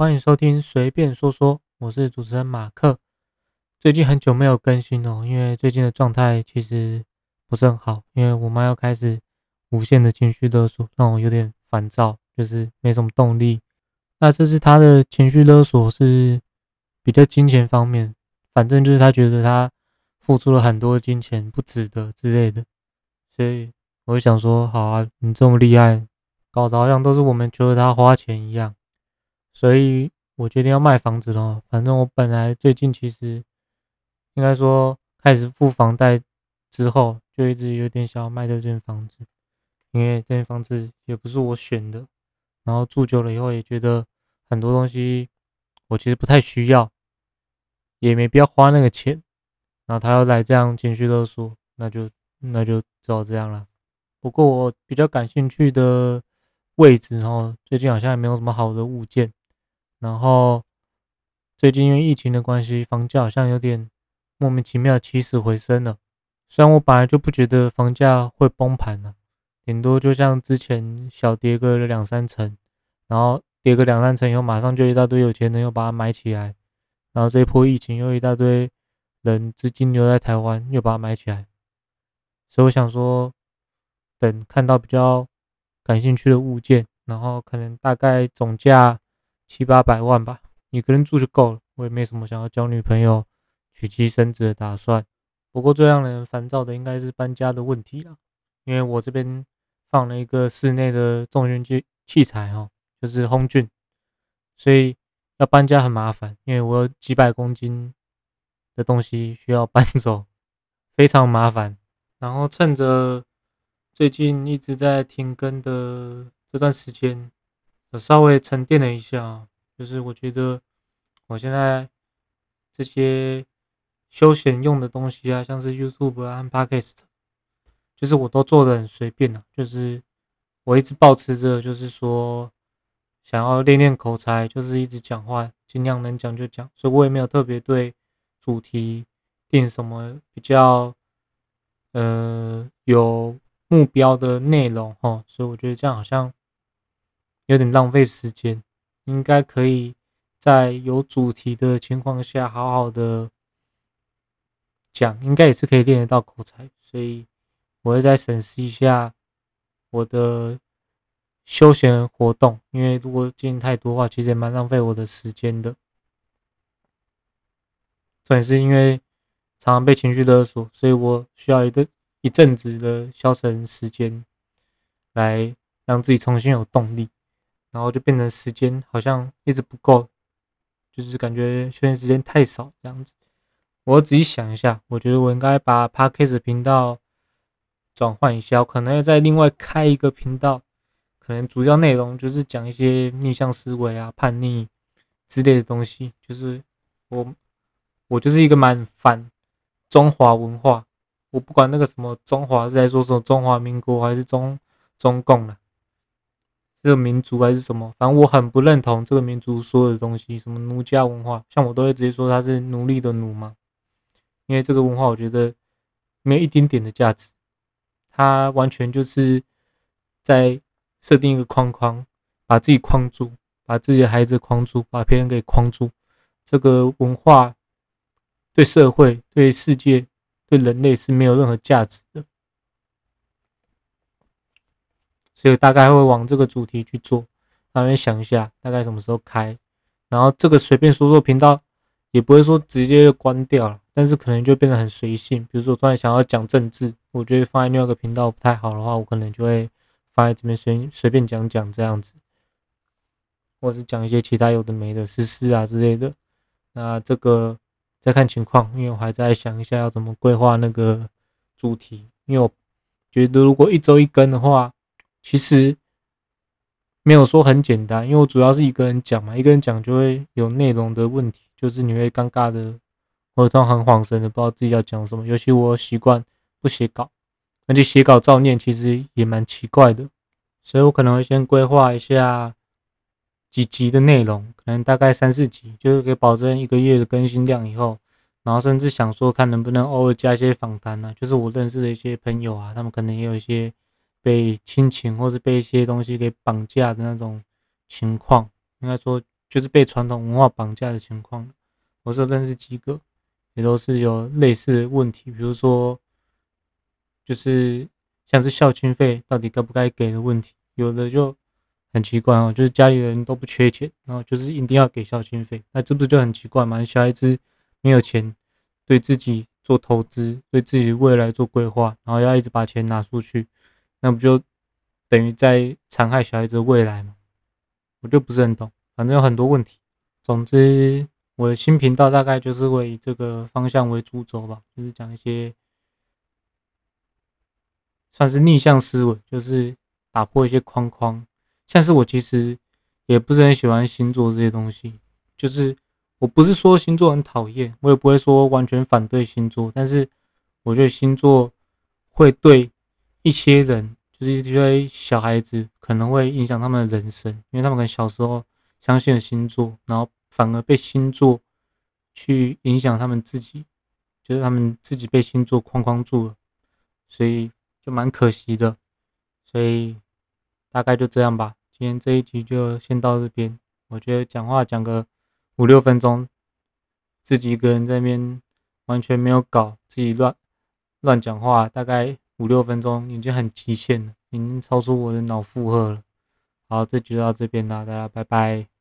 歡迎收聽隨便說說，我是主持人馬克。最近很久沒有更新哦，因為最近的狀態其實不是很好，因為我媽又開始無限的情緒勒索，讓我有點煩躁，就是沒什麼動力。那這次她的情緒勒索，是比較金錢方面，反正就是她覺得她付出了很多金錢不值得之類的，所以我就想說，好啊，你這麼厲害，搞得好像都是我們求着她花錢一樣。所以，我決定要賣房子了，哦。反正我本來最近其實應該說開始付房貸之後，就一直有點想要賣掉這間房子，因為這間房子也不是我選的，然後住久了以後也覺得很多東西我其實不太需要，也沒必要花那個錢。然後他要來這樣情緒勒索，那就那就只好這樣了。不過我比較感興趣的位置哈、哦，最近好像也沒有什麼好的物件。然後最近因為疫情的關係，房價好像有點莫名其妙起死回生了。雖然我本來就不覺得房價會崩盤了，頂多就像之前小跌個兩三成，然後跌個兩三成以後，馬上就一大堆有錢人又把它買起來。然後這一波疫情又一大堆人資金留在台灣又把它買起來，所以我想說，等看到比較感興趣的物件，然後可能大概總價。七八百萬吧，一個人住就夠了。我也沒什麼想要交女朋友、娶妻生子的打算。不過最讓人煩躁的應該是搬家的問題了，因為我這邊放了一個室內的重型器器材哈、哦，就是 home gym，所以要搬家很麻煩，因為我有幾百公斤的東西需要搬走，非常麻煩。然後趁着最近一直在停更的這段時間。我稍微沉澱了一下，就是我覺得我現在這些休閒用的東西啊，像是 YouTube 和 Podcast，就是我都做的很隨便啊，就是我一直保持着，就是說想要練練口才，就是一直講話，盡量能講就講，所以我也沒有特別對主題定什麼比較呃有目標的內容哈，所以我覺得這樣好像。有點浪費時間，應該可以在有主題的情況下好好的講，應該也是可以練得到口才，所以我會再審視一下我的休閒活動，因為如果進行太多的話，其實也蠻浪費我的時間的。重點是因為常常被情緒勒索，所以我需要一個一陣子的消沉時間，來讓自己重新有動力。然後就變成時間好像一直不夠，就是感覺休閒時間太少這樣子。我要仔細想一下，我覺得我應該把 Podcast 的頻道轉換一下，我可能要再另外開一個頻道。可能主要內容就是講一些逆向思維啊、叛逆之類的東西。就是我，我就是一個蠻反中華文化。我不管那個什麼中華是在說什麼中華民國還是中中共了啊。這個民族還是什麼？反正我很不認同這個民族所有的東西，什麼奴家文化，像我都會直接說它是奴隸的奴嘛。因為這個文化，我覺得沒有一丁點的價值，它完全就是在設定一個框框，把自己框住，把自己的孩子框住，把別人給框住。這個文化對社會、對世界、對人類是沒有任何價值的。所以大概會往這個主題去做，那邊想一下大概什麼時候開，然後這個隨便說說頻道，也不會說直接就關掉了，但是可能就變得很隨性。比如說我突然想要講政治，我覺得放在另外一個頻道不太好的話，我可能就會放在這邊隨隨便講講這樣子，或者是講一些其他有的沒的時事、事啊之類的。那這個再看情況，因為我還在想一下要怎麼規劃那個主題，因為我覺得如果一周一更的話。其實沒有說很簡單，因為我主要是一個人講嘛，一個人講就會有內容的問題，就是你會尷尬的，或者很恍神的，不知道自己要講什麼。尤其我習慣不寫稿，而且寫稿照念其實也蠻奇怪的，所以我可能會先規劃一下幾集的內容，可能大概三四集，就是可以保證一個月的更新量以後，然後甚至想說看能不能偶爾加一些訪談啊，就是我認識的一些朋友啊，他們可能也有一些。被親情或是被一些東西給綁架的那種情況，應該說就是被傳統文化綁架的情況。我說認識幾個，也都是有類似的問題，比如說就是像是孝親費到底該不該給的問題，有的就很奇怪哦，就是家裡人都不缺錢，然後就是一定要給孝親費，那這不就很奇怪嗎？小孩子沒有錢，對自己做投資，對自己未來做規劃，然後要一直把錢拿出去。那不就等於在殘害小孩子的未來嗎？我就不是很懂，反正有很多問題。總之，我的新頻道大概就是會以這個方向為主軸吧，就是講一些算是逆向思維，就是打破一些框框。像是我其實也不是很喜歡星座這些東西，就是我不是說星座很討厭，我也不會說完全反對星座，但是我覺得星座會對。一些人就是一堆小孩子，可能會影響他們的人生，因為他們可能小時候相信了星座，然後反而被星座去影響他們自己，就是他們自己被星座框框住了，所以就蠻可惜的。所以大概就這樣吧，今天這一集就先到這邊。我覺得講話講個五六分鐘，自己一個人在那邊完全沒有搞，自己亂亂講話，大概。五六分鐘已經很極限了，已經超出我的腦負荷了。好，這就到這邊了，大家拜拜。